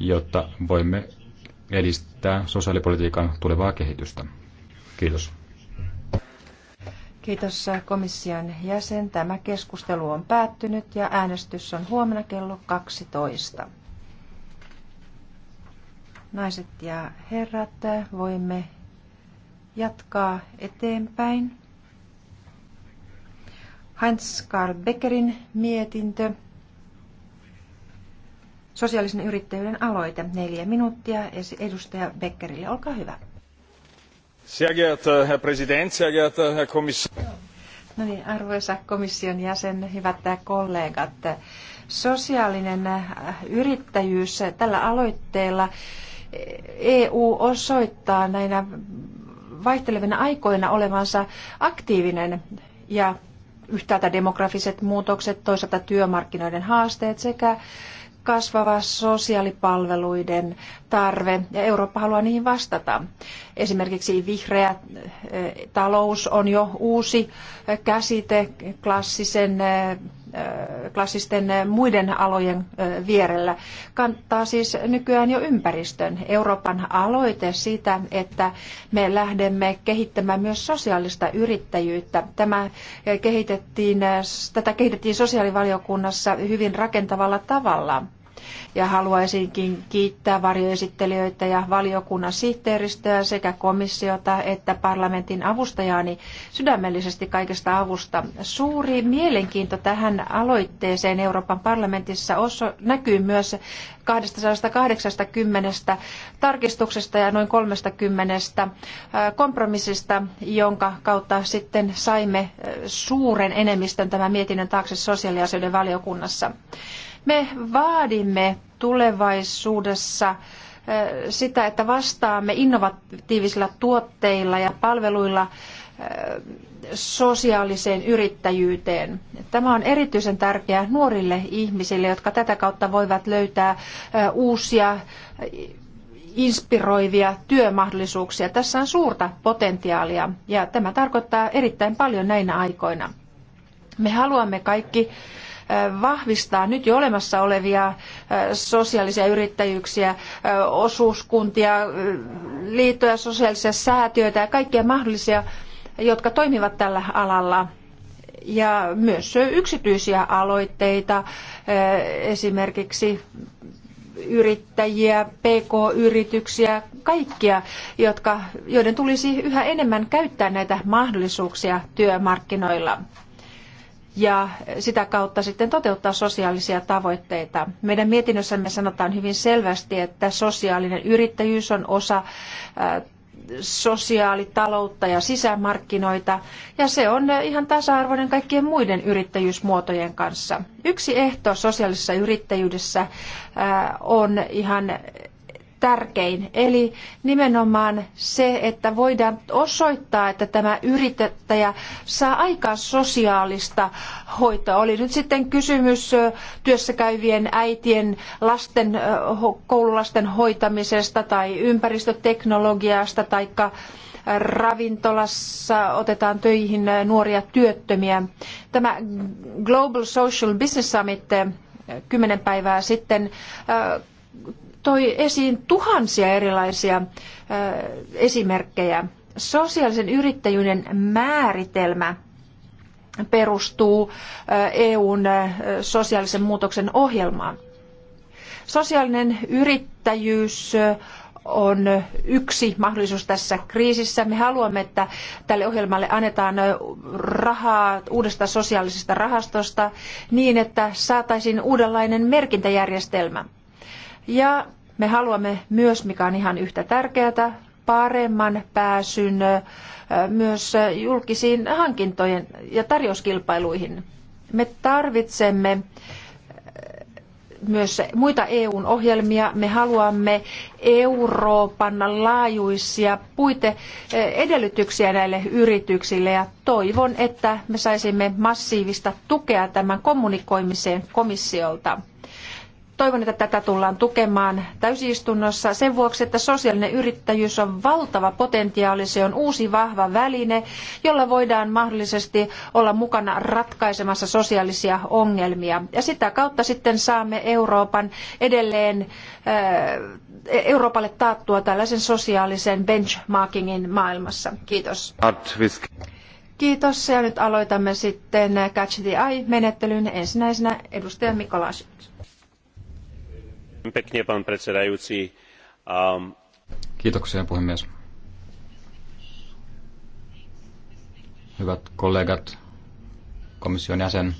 jotta voimme edistää sosiaalipolitiikan tulevaa kehitystä. Kiitos. Kiitos äh, komission jäsen. Tämä keskustelu on päättynyt ja äänestys on huomenna kello 12. Naiset ja herrat, äh, voimme jatkaa eteenpäin. Hans Karl Beckerin mietintö Sosiaalisen yrittäjyyden aloite. Neljä minuuttia edustaja Beckerille. Olkaa hyvä. Sehr geehrter Herr Präsident, sehr geehrter Herr Kommissar. No niin, arvoisa komission jäsen, hyvät kollegat. Sosiaalinen äh, yrittäjyys tällä aloitteella EU eh, e osoittaa näinä vaihtelevina aikoina olevansa aktiivinen ja yhtäältä demografiset muutokset, toisaalta työmarkkinoiden haasteet sekä kasvava sosiaalipalveluiden tarve ja Eurooppa haluaa niihin vastata. Esimerkiksi vihreä eh, talous on jo uusi käsite klassisen eh, eh, klassisten muiden alojen vierellä. Kantaa siis nykyään jo ympäristön. Euroopan aloite siitä, että me lähdemme kehittämään myös sosiaalista yrittäjyyttä. Tämä kehitettiin, tätä kehitettiin sosiaalivaliokunnassa hyvin rakentavalla tavalla ja haluaisinkin kiittää varjoesittelijöitä ja valiokunnan sihteeristöä sekä komissiota että parlamentin avustajaani sydämellisesti kaikesta avusta. Suuri mielenkiinto tähän aloitteeseen Euroopan parlamentissa näkyy myös 280 tarkistuksesta ja noin 30 kompromissista, jonka kautta sitten saimme suuren enemmistön tämän mietinnön taakse sosiaaliasioiden valiokunnassa. Me vaadimme tulevaisuudessa sitä, että vastaamme innovatiivisilla tuotteilla ja palveluilla sosiaaliseen yrittäjyyteen. Tämä on erityisen tärkeää nuorille ihmisille, jotka tätä kautta voivat löytää uusia inspiroivia työmahdollisuuksia. Tässä on suurta potentiaalia ja tämä tarkoittaa erittäin paljon näinä aikoina. Me haluamme kaikki vahvistaa nyt jo olemassa olevia sosiaalisia yrittäjyyksiä, osuuskuntia, liittoja, sosiaalisia säätiöitä ja kaikkia mahdollisia, jotka toimivat tällä alalla ja myös yksityisiä aloitteita, esimerkiksi yrittäjiä, pk-yrityksiä, kaikkia, jotka, joiden tulisi yhä enemmän käyttää näitä mahdollisuuksia työmarkkinoilla ja sitä kautta sitten toteuttaa sosiaalisia tavoitteita. Meidän mietinnössämme sanotaan hyvin selvästi, että sosiaalinen yrittäjyys on osa äh, sosiaalitaloutta ja sisämarkkinoita, ja se on ihan tasa-arvoinen kaikkien muiden yrittäjyysmuotojen kanssa. Yksi ehto sosiaalisessa yrittäjyydessä äh, on ihan tärkein. Eli nimenomaan se, että voidaan osoittaa, että tämä yrittäjä saa aikaan sosiaalista hoitoa. Oli nyt sitten kysymys työssäkäyvien äitien lasten, koululasten hoitamisesta tai ympäristöteknologiasta tai ravintolassa otetaan töihin nuoria työttömiä. Tämä Global Social Business Summit kymmenen päivää sitten toi esiin tuhansia erilaisia esimerkkejä. Sosiaalisen yrittäjyyden määritelmä perustuu EUn sosiaalisen muutoksen ohjelmaan. Sosiaalinen yrittäjyys on yksi mahdollisuus tässä kriisissä. Me haluamme, että tälle ohjelmalle annetaan rahaa uudesta sosiaalisesta rahastosta niin, että saataisiin uudenlainen merkintäjärjestelmä – ja me haluamme myös, mikä on ihan yhtä tärkeää, paremman pääsyn myös julkisiin hankintojen ja tarjouskilpailuihin. Me tarvitsemme myös muita EUn ohjelmia. Me haluamme Euroopan laajuisia puiteedellytyksiä näille yrityksille ja toivon, että me saisimme massiivista tukea tämän kommunikoimiseen komissiolta. Toivon, että tätä tullaan tukemaan täysistunnossa sen vuoksi, että sosiaalinen yrittäjyys on valtava potentiaali. Se on uusi vahva väline, jolla voidaan mahdollisesti olla mukana ratkaisemassa sosiaalisia ongelmia. Ja sitä kautta sitten saamme Euroopan edelleen äh, Euroopalle taattua tällaisen sosiaalisen benchmarkingin maailmassa. Kiitos. Kiitos. Ja nyt aloitamme sitten Catch the Eye-menettelyn ensimmäisenä edustaja Mikolasikko. Kiitoksia puhemies. Hyvät kollegat, komission jäsen.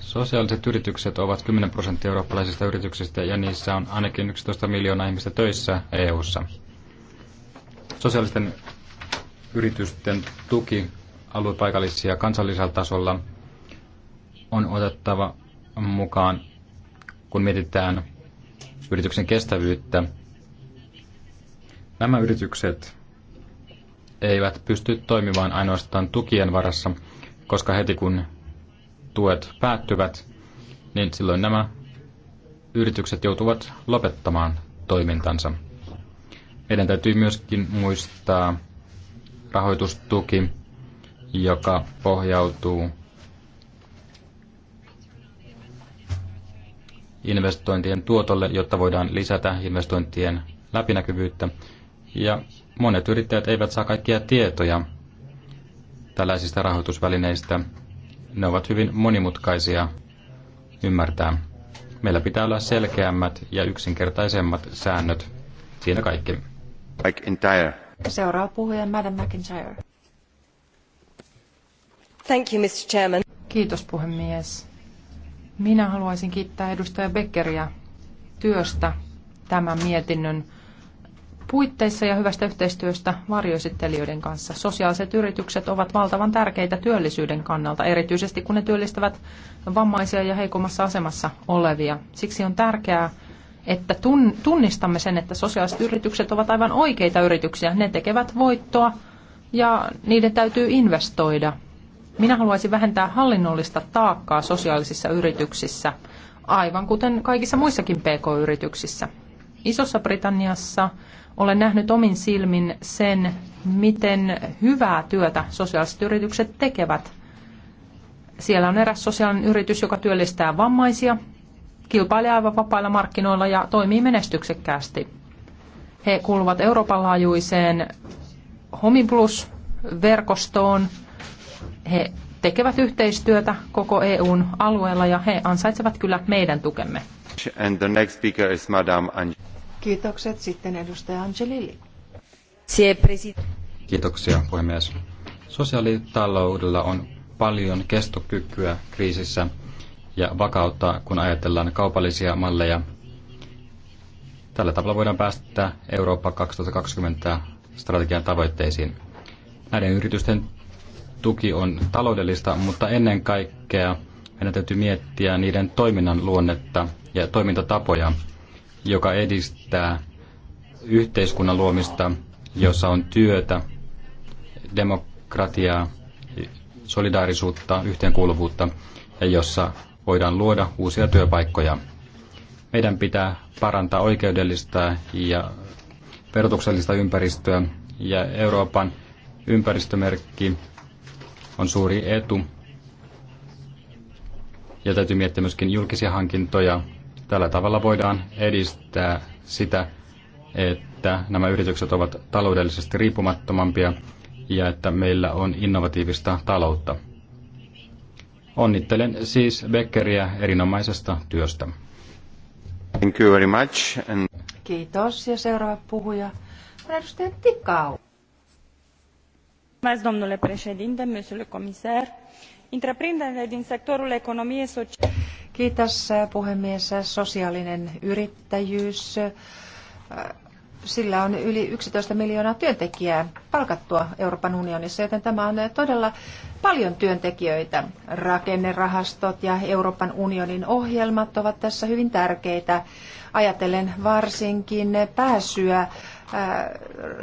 Sosiaaliset yritykset ovat 10 prosenttia eurooppalaisista yrityksistä ja niissä on ainakin 11 miljoonaa ihmistä töissä EU:ssa. Sosiaalisten yritysten tuki aluepaikallisia kansallisella tasolla on otettava mukaan, kun mietitään yrityksen kestävyyttä. Nämä yritykset eivät pysty toimimaan ainoastaan tukien varassa, koska heti kun tuet päättyvät, niin silloin nämä yritykset joutuvat lopettamaan toimintansa. Meidän täytyy myöskin muistaa rahoitustuki, joka pohjautuu investointien tuotolle, jotta voidaan lisätä investointien läpinäkyvyyttä. Ja monet yrittäjät eivät saa kaikkia tietoja tällaisista rahoitusvälineistä. Ne ovat hyvin monimutkaisia ymmärtää. Meillä pitää olla selkeämmät ja yksinkertaisemmat säännöt. Siinä kaikki. Seuraava puhuja Madam McIntyre. Thank you, Mr. Chairman. Kiitos puhemies. Minä haluaisin kiittää edustaja Beckeriä työstä tämän mietinnön puitteissa ja hyvästä yhteistyöstä varjoesittelijöiden kanssa. Sosiaaliset yritykset ovat valtavan tärkeitä työllisyyden kannalta, erityisesti kun ne työllistävät vammaisia ja heikommassa asemassa olevia. Siksi on tärkeää, että tunnistamme sen, että sosiaaliset yritykset ovat aivan oikeita yrityksiä. Ne tekevät voittoa ja niiden täytyy investoida. Minä haluaisin vähentää hallinnollista taakkaa sosiaalisissa yrityksissä, aivan kuten kaikissa muissakin pk-yrityksissä. Isossa Britanniassa olen nähnyt omin silmin sen, miten hyvää työtä sosiaaliset yritykset tekevät. Siellä on eräs sosiaalinen yritys, joka työllistää vammaisia, kilpailee aivan vapailla markkinoilla ja toimii menestyksekkäästi. He kuuluvat Euroopan laajuiseen Homiplus-verkostoon, he tekevät yhteistyötä koko EUn alueella ja he ansaitsevat kyllä meidän tukemme. And the next speaker is Madame Ange- Kiitokset sitten edustaja Angelilli. Kiitoksia puhemies. Sosiaalitaloudella on paljon kestokykyä kriisissä ja vakautta, kun ajatellaan kaupallisia malleja. Tällä tavalla voidaan päästä Eurooppa 2020 strategian tavoitteisiin. Näiden yritysten tuki on taloudellista, mutta ennen kaikkea meidän täytyy miettiä niiden toiminnan luonnetta ja toimintatapoja, joka edistää yhteiskunnan luomista, jossa on työtä, demokratiaa, solidaarisuutta, yhteenkuuluvuutta ja jossa voidaan luoda uusia työpaikkoja. Meidän pitää parantaa oikeudellista ja verotuksellista ympäristöä ja Euroopan ympäristömerkki on suuri etu. Ja täytyy miettiä myöskin julkisia hankintoja. Tällä tavalla voidaan edistää sitä, että nämä yritykset ovat taloudellisesti riippumattomampia ja että meillä on innovatiivista taloutta. Onnittelen siis Beckeriä erinomaisesta työstä. Thank you very much. And... Kiitos. Ja seuraava puhuja on edustaja Tikau. Întreprinderile din sectorul economiei sociale. Kiitos puhemies. Sosiaalinen yrittäjyys. Sillä on yli yksitoista miljoonaa työntekijää palkattua Euroopan unionissa, joten tämä on todella paljon työntekijöitä. Rakennerahastot ja Euroopan unionin ohjelmat ovat tässä hyvin tärkeitä, ajatellen varsinkin pääsyä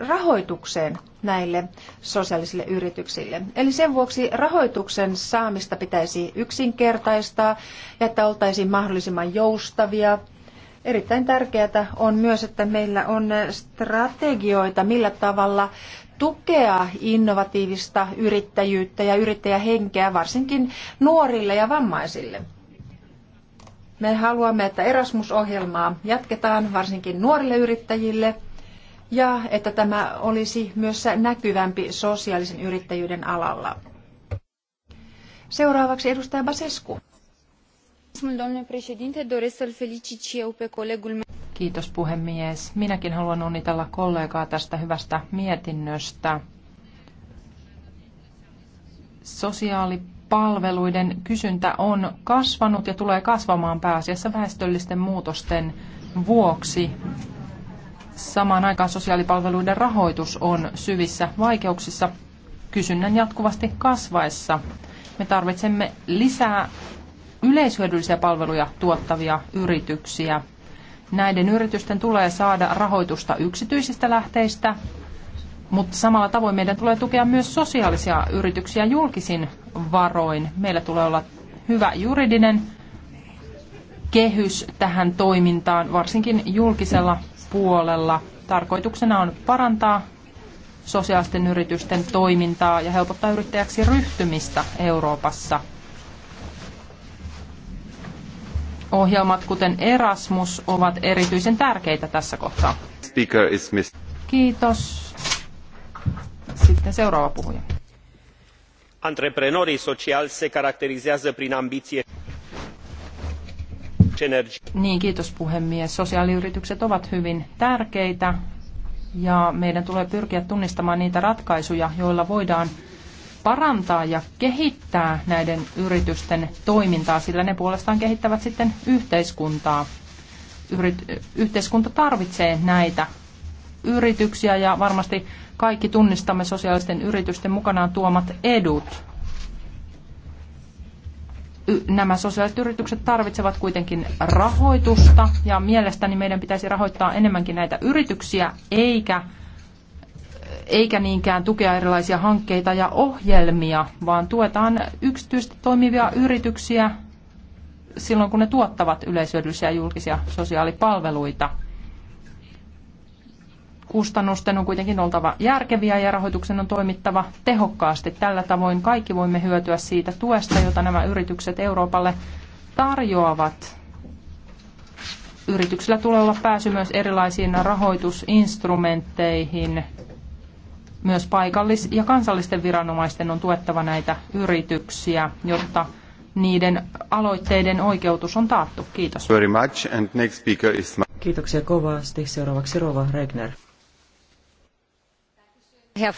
rahoitukseen näille sosiaalisille yrityksille. Eli sen vuoksi rahoituksen saamista pitäisi yksinkertaistaa ja että oltaisiin mahdollisimman joustavia. Erittäin tärkeää on myös, että meillä on strategioita, millä tavalla tukea innovatiivista yrittäjyyttä ja yrittäjähenkeä varsinkin nuorille ja vammaisille. Me haluamme, että Erasmus-ohjelmaa jatketaan varsinkin nuorille yrittäjille – ja että tämä olisi myös näkyvämpi sosiaalisen yrittäjyyden alalla. Seuraavaksi edustaja Basescu. Kiitos puhemies. Minäkin haluan onnitella kollegaa tästä hyvästä mietinnöstä. Sosiaalipalveluiden kysyntä on kasvanut ja tulee kasvamaan pääasiassa väestöllisten muutosten vuoksi. Samaan aikaan sosiaalipalveluiden rahoitus on syvissä vaikeuksissa kysynnän jatkuvasti kasvaessa. Me tarvitsemme lisää yleishyödyllisiä palveluja tuottavia yrityksiä. Näiden yritysten tulee saada rahoitusta yksityisistä lähteistä, mutta samalla tavoin meidän tulee tukea myös sosiaalisia yrityksiä julkisin varoin. Meillä tulee olla hyvä juridinen kehys tähän toimintaan, varsinkin julkisella puolella. Tarkoituksena on parantaa sosiaalisten yritysten toimintaa ja helpottaa yrittäjäksi ryhtymistä Euroopassa. Ohjelmat kuten Erasmus ovat erityisen tärkeitä tässä kohtaa. Speaker is Kiitos. Sitten seuraava puhuja. Antreprenorii sociali se caracterizează prin ambiție energy. Niin, kiitos puhemies. Sosiaaliyritykset ovat hyvin tärkeitä ja meidän tulee pyrkiä tunnistamaan niitä ratkaisuja, joilla voidaan parantaa ja kehittää näiden yritysten toimintaa, sillä ne puolestaan kehittävät sitten yhteiskuntaa. Yrit- yhteiskunta tarvitsee näitä yrityksiä ja varmasti kaikki tunnistamme sosiaalisten yritysten mukanaan tuomat edut nämä sosiaaliset yritykset tarvitsevat kuitenkin rahoitusta ja mielestäni meidän pitäisi rahoittaa enemmänkin näitä yrityksiä eikä, eikä niinkään tukea erilaisia hankkeita ja ohjelmia, vaan tuetaan yksityisesti toimivia yrityksiä silloin, kun ne tuottavat yleishyödyllisiä julkisia sosiaalipalveluita kustannusten on kuitenkin oltava järkeviä ja rahoituksen on toimittava tehokkaasti. Tällä tavoin kaikki voimme hyötyä siitä tuesta, jota nämä yritykset Euroopalle tarjoavat. Yrityksillä tulee olla pääsy myös erilaisiin rahoitusinstrumentteihin. Myös paikallis- ja kansallisten viranomaisten on tuettava näitä yrityksiä, jotta niiden aloitteiden oikeutus on taattu. Kiitos. Very much. And next speaker is... Kiitoksia kovasti. Seuraavaksi Rova Regner. Herr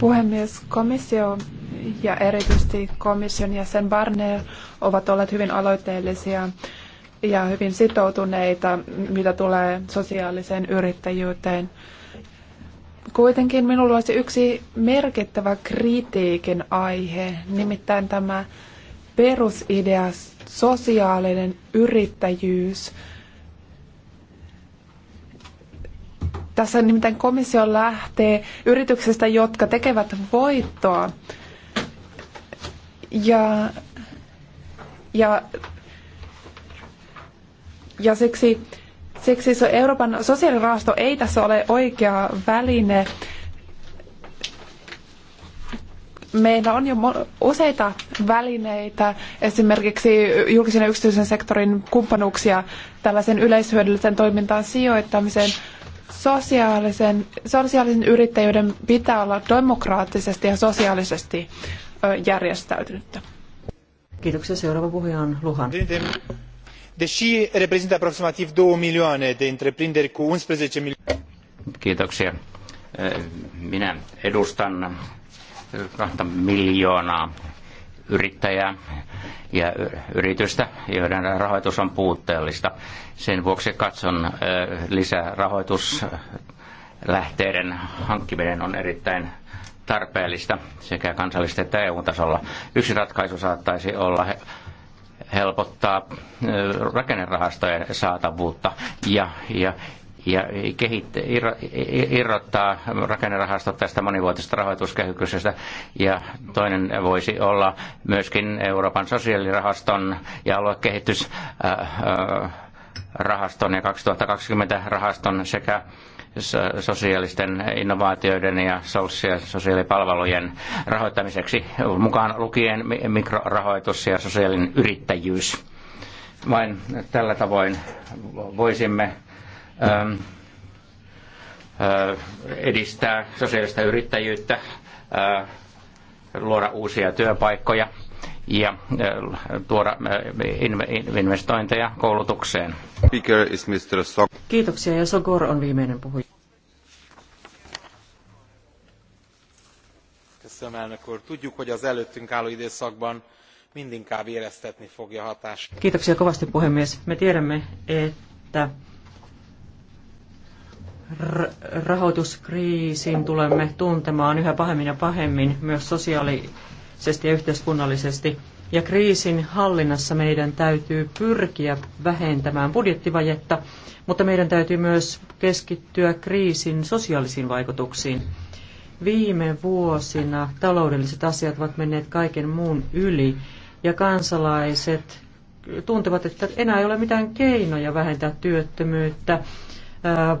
Puhemies, komissio ja erityisesti komission jäsen Barnier ovat olleet hyvin aloitteellisia ja hyvin sitoutuneita, mitä tulee sosiaaliseen yrittäjyyteen. Kuitenkin minulla olisi yksi merkittävä kritiikin aihe, nimittäin tämä perusidea sosiaalinen yrittäjyys – Tässä nimittäin komissio lähtee yrityksistä, jotka tekevät voittoa. Ja, ja, ja siksi, siksi se Euroopan sosiaalirahasto ei tässä ole oikea väline. Meillä on jo useita välineitä, esimerkiksi julkisen ja yksityisen sektorin kumppanuuksia tällaisen yleishyödyllisen toimintaan sijoittamiseen – Sosiaalisen, sosiaalisen yrittäjyyden pitää olla demokraattisesti ja sosiaalisesti järjestäytynyttä. Kiitoksia. Seuraava puhuja on Luhan. Deși reprezintă aproximativ 2 milioane de întreprinderi cu 11 milioane... Kiitoksia. Minä edustan kahta miljoonaa yrittäjää ja yritystä, joiden rahoitus on puutteellista. Sen vuoksi katson lisärahoituslähteiden hankkiminen on erittäin tarpeellista sekä kansallisesti että EU-tasolla. Yksi ratkaisu saattaisi olla helpottaa rakennerahastojen saatavuutta ja, ja ja kehitte, irrottaa rakennerahasto tästä monivuotisesta rahoituskehyksestä. Ja toinen voisi olla myöskin Euroopan sosiaalirahaston ja aluekehitysrahaston ja 2020 rahaston sekä sosiaalisten innovaatioiden ja sosiaalipalvelujen rahoittamiseksi, mukaan lukien mikrorahoitus ja sosiaalinen yrittäjyys. Vain tällä tavoin voisimme Ähm, äh, edistää sosiaalista yrittäjyyttä, äh, luoda uusia työpaikkoja ja äh, tuoda investointeja koulutukseen. Kiitoksia ja Sogor on viimeinen puhuja. Köszönöm, elnök úr. Tudjuk, hogy az előttünk álló időszakban mindinkább éreztetni fogja hatását. Kiitoksia kovasti puhemies. Me tiedämme, että rahoituskriisin tulemme tuntemaan yhä pahemmin ja pahemmin myös sosiaalisesti ja yhteiskunnallisesti. Ja kriisin hallinnassa meidän täytyy pyrkiä vähentämään budjettivajetta, mutta meidän täytyy myös keskittyä kriisin sosiaalisiin vaikutuksiin. Viime vuosina taloudelliset asiat ovat menneet kaiken muun yli ja kansalaiset tuntevat, että enää ei ole mitään keinoja vähentää työttömyyttä,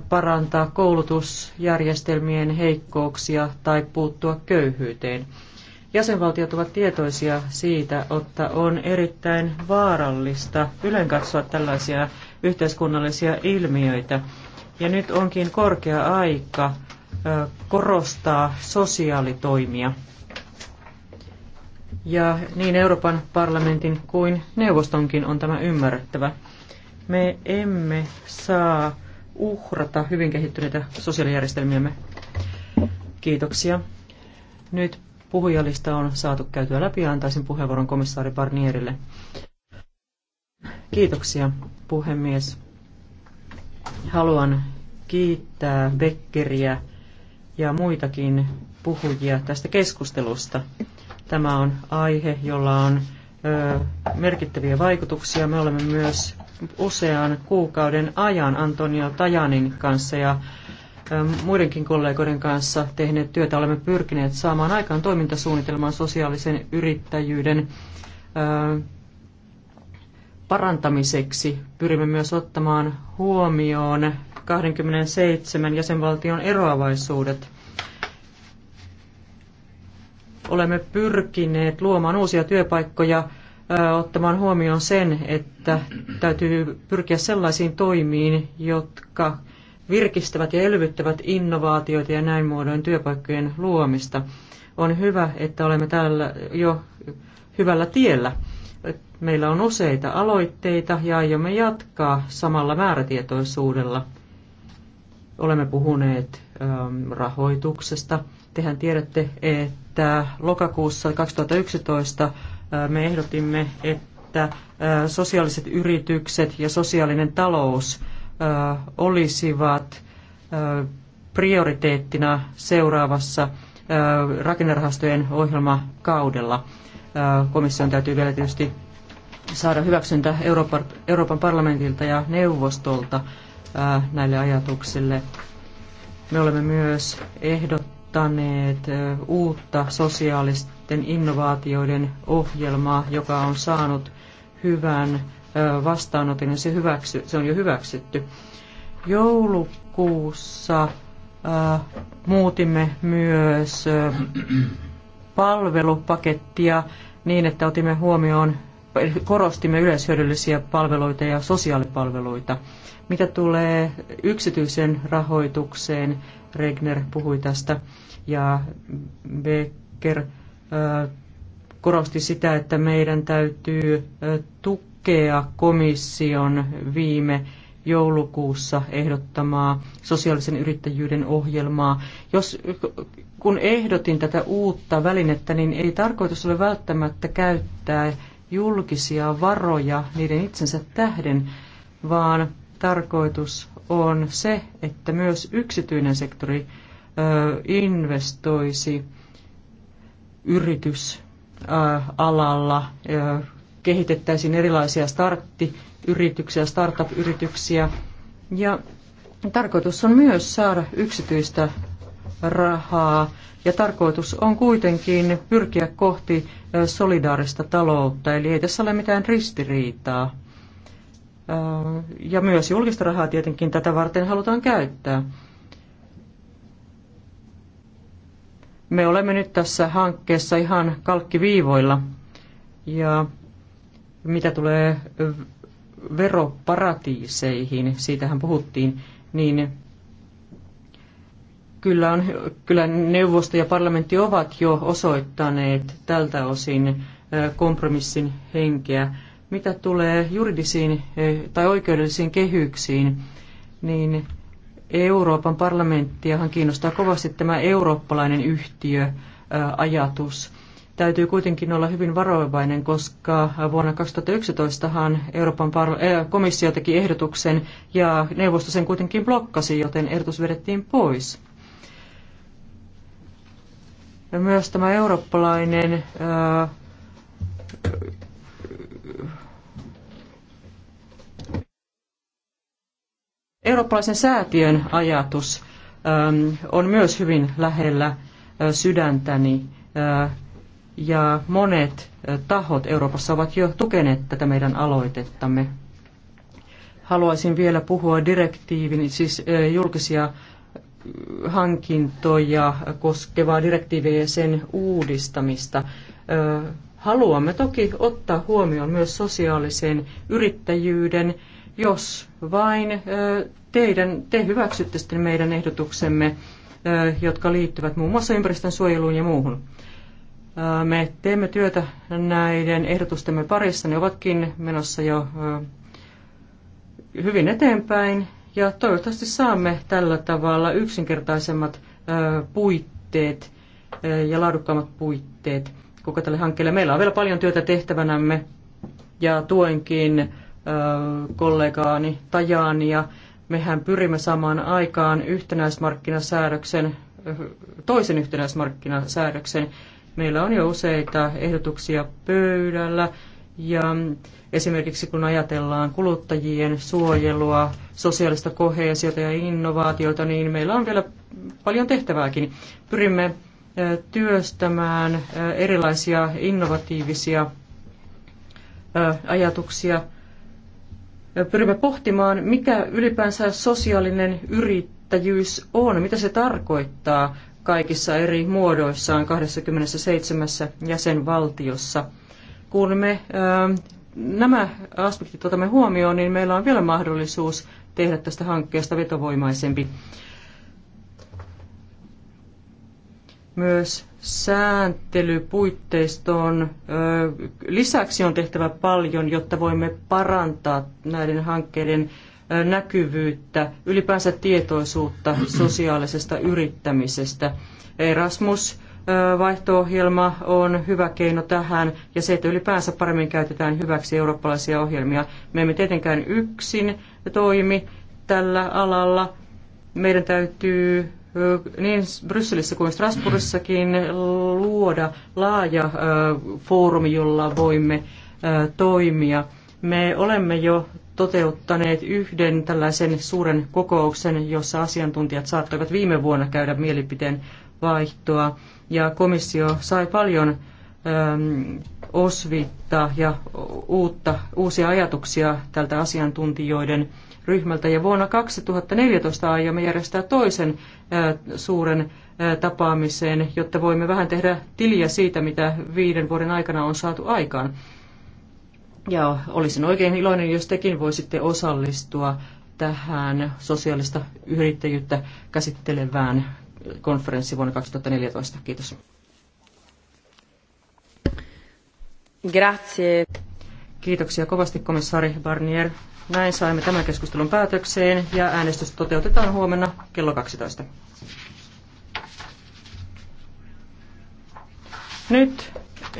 parantaa koulutusjärjestelmien heikkouksia tai puuttua köyhyyteen. Jäsenvaltiot ovat tietoisia siitä, että on erittäin vaarallista katsoa tällaisia yhteiskunnallisia ilmiöitä. Ja nyt onkin korkea aika korostaa sosiaalitoimia. Ja niin Euroopan parlamentin kuin neuvostonkin on tämä ymmärrettävä. Me emme saa uhrata hyvin kehittyneitä sosiaalijärjestelmiämme. Kiitoksia. Nyt puhujalista on saatu käytyä läpi ja antaisin puheenvuoron komissaari Barnierille. Kiitoksia, puhemies. Haluan kiittää Beckeriä ja muitakin puhujia tästä keskustelusta. Tämä on aihe, jolla on merkittäviä vaikutuksia. Me olemme myös usean kuukauden ajan Antonio Tajanin kanssa ja muidenkin kollegoiden kanssa tehneet työtä. Olemme pyrkineet saamaan aikaan toimintasuunnitelman sosiaalisen yrittäjyyden parantamiseksi. Pyrimme myös ottamaan huomioon 27 jäsenvaltion eroavaisuudet olemme pyrkineet luomaan uusia työpaikkoja ottamaan huomioon sen, että täytyy pyrkiä sellaisiin toimiin, jotka virkistävät ja elvyttävät innovaatioita ja näin muodoin työpaikkojen luomista. On hyvä, että olemme täällä jo hyvällä tiellä. Meillä on useita aloitteita ja aiomme jatkaa samalla määrätietoisuudella. Olemme puhuneet rahoituksesta. Tehän tiedätte, että lokakuussa 2011 me ehdotimme, että sosiaaliset yritykset ja sosiaalinen talous olisivat prioriteettina seuraavassa rakennerahastojen ohjelmakaudella. Komission täytyy vielä tietysti saada hyväksyntä Euroopan parlamentilta ja neuvostolta näille ajatuksille. Me olemme myös ehdottaneet uutta sosiaalista näiden innovaatioiden ohjelmaa, joka on saanut hyvän vastaanotin ja se, hyväksy, se on jo hyväksytty. Joulukuussa äh, muutimme myös äh, palvelupakettia niin, että otimme huomioon, korostimme yleishyödyllisiä palveluita ja sosiaalipalveluita. Mitä tulee yksityisen rahoitukseen, Regner puhui tästä ja Becker korosti sitä, että meidän täytyy tukea komission viime joulukuussa ehdottamaa sosiaalisen yrittäjyyden ohjelmaa. Jos, kun ehdotin tätä uutta välinettä, niin ei tarkoitus ole välttämättä käyttää julkisia varoja niiden itsensä tähden, vaan tarkoitus on se, että myös yksityinen sektori investoisi yritysalalla kehitettäisiin erilaisia starttiyrityksiä, startup-yrityksiä. Ja tarkoitus on myös saada yksityistä rahaa ja tarkoitus on kuitenkin pyrkiä kohti solidaarista taloutta, eli ei tässä ole mitään ristiriitaa. Ja myös julkista rahaa tietenkin tätä varten halutaan käyttää. Me olemme nyt tässä hankkeessa ihan kalkkiviivoilla. Ja mitä tulee veroparatiiseihin, siitähän puhuttiin, niin kyllä, on, kyllä neuvosto ja parlamentti ovat jo osoittaneet tältä osin kompromissin henkeä. Mitä tulee juridisiin tai oikeudellisiin kehyksiin, niin Euroopan parlamenttiahan kiinnostaa kovasti tämä eurooppalainen yhtiöajatus. Täytyy kuitenkin olla hyvin varovainen, koska vuonna 2011han Euroopan komissio teki ehdotuksen ja neuvosto sen kuitenkin blokkasi, joten ehdotus vedettiin pois. Myös tämä eurooppalainen Eurooppalaisen säätiön ajatus ähm, on myös hyvin lähellä äh, sydäntäni äh, ja monet äh, tahot Euroopassa ovat jo tukeneet tätä meidän aloitettamme. Haluaisin vielä puhua direktiivin, siis julkisia hankintoja koskevaa direktiiviä ja sen uudistamista. Haluamme toki ottaa huomioon myös sosiaalisen yrittäjyyden, jos vain teidän, te hyväksytte sitten meidän ehdotuksemme, jotka liittyvät muun muassa ympäristön suojeluun ja muuhun. Me teemme työtä näiden ehdotustemme parissa, ne ovatkin menossa jo hyvin eteenpäin ja toivottavasti saamme tällä tavalla yksinkertaisemmat puitteet ja laadukkaammat puitteet koko tälle hankkeelle. Meillä on vielä paljon työtä tehtävänämme ja tuenkin kollegaani ja Mehän pyrimme saamaan aikaan yhtenäismarkkinasäädöksen, toisen yhtenäismarkkinasäädöksen. Meillä on jo useita ehdotuksia pöydällä ja esimerkiksi kun ajatellaan kuluttajien suojelua, sosiaalista koheesiota ja innovaatioita, niin meillä on vielä paljon tehtävääkin. Pyrimme työstämään erilaisia innovatiivisia ajatuksia – pyrimme pohtimaan, mikä ylipäänsä sosiaalinen yrittäjyys on, mitä se tarkoittaa kaikissa eri muodoissaan 27 jäsenvaltiossa. Kun me ähm, nämä aspektit otamme huomioon, niin meillä on vielä mahdollisuus tehdä tästä hankkeesta vetovoimaisempi. myös sääntelypuitteistoon lisäksi on tehtävä paljon, jotta voimme parantaa näiden hankkeiden näkyvyyttä, ylipäänsä tietoisuutta sosiaalisesta yrittämisestä. Erasmus vaihto-ohjelma on hyvä keino tähän ja se, että ylipäänsä paremmin käytetään hyväksi eurooppalaisia ohjelmia. Me emme tietenkään yksin toimi tällä alalla. Meidän täytyy niin Brysselissä kuin Strasbourgissakin luoda laaja foorumi, jolla voimme toimia. Me olemme jo toteuttaneet yhden tällaisen suuren kokouksen, jossa asiantuntijat saattoivat viime vuonna käydä mielipiteen vaihtoa. Ja komissio sai paljon osviittaa ja uutta, uusia ajatuksia tältä asiantuntijoiden ryhmältä. Ja vuonna 2014 aiomme järjestää toisen suuren tapaamiseen, jotta voimme vähän tehdä tiliä siitä, mitä viiden vuoden aikana on saatu aikaan. Ja olisin oikein iloinen, jos tekin voisitte osallistua tähän sosiaalista yrittäjyyttä käsittelevään konferenssi vuonna 2014. Kiitos. Grazie. Kiitoksia kovasti komissaari Barnier. Näin saimme tämän keskustelun päätökseen ja äänestys toteutetaan huomenna kello 12. Nyt